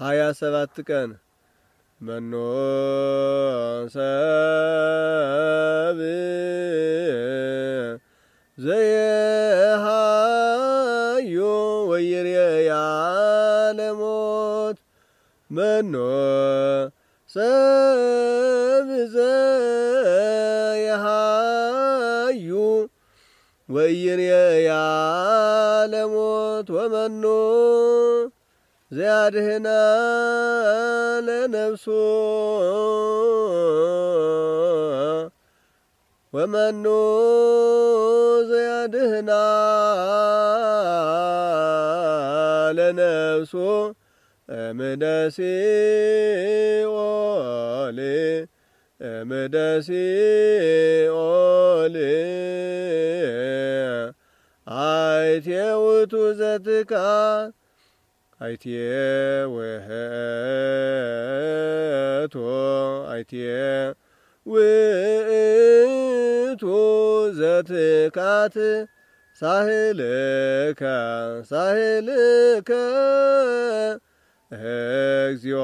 ሀያ ሰባት ቀን መኖ ሰብ ዘየሃዮ ወይርያ መኖ ሰብ ዘየሃዩ ወይርያ ወመኖ ዘያድህና ለነፍሱ ወመኑ ዘያድህና ለነፍሱ እምደሲኦል እምደሲኦል አይቴ ውቱ ዘትካ አይትየ ወህቶ አይትየ ውእቱ ዘትካት ሳህልከ ሳህልከ እግዚኦ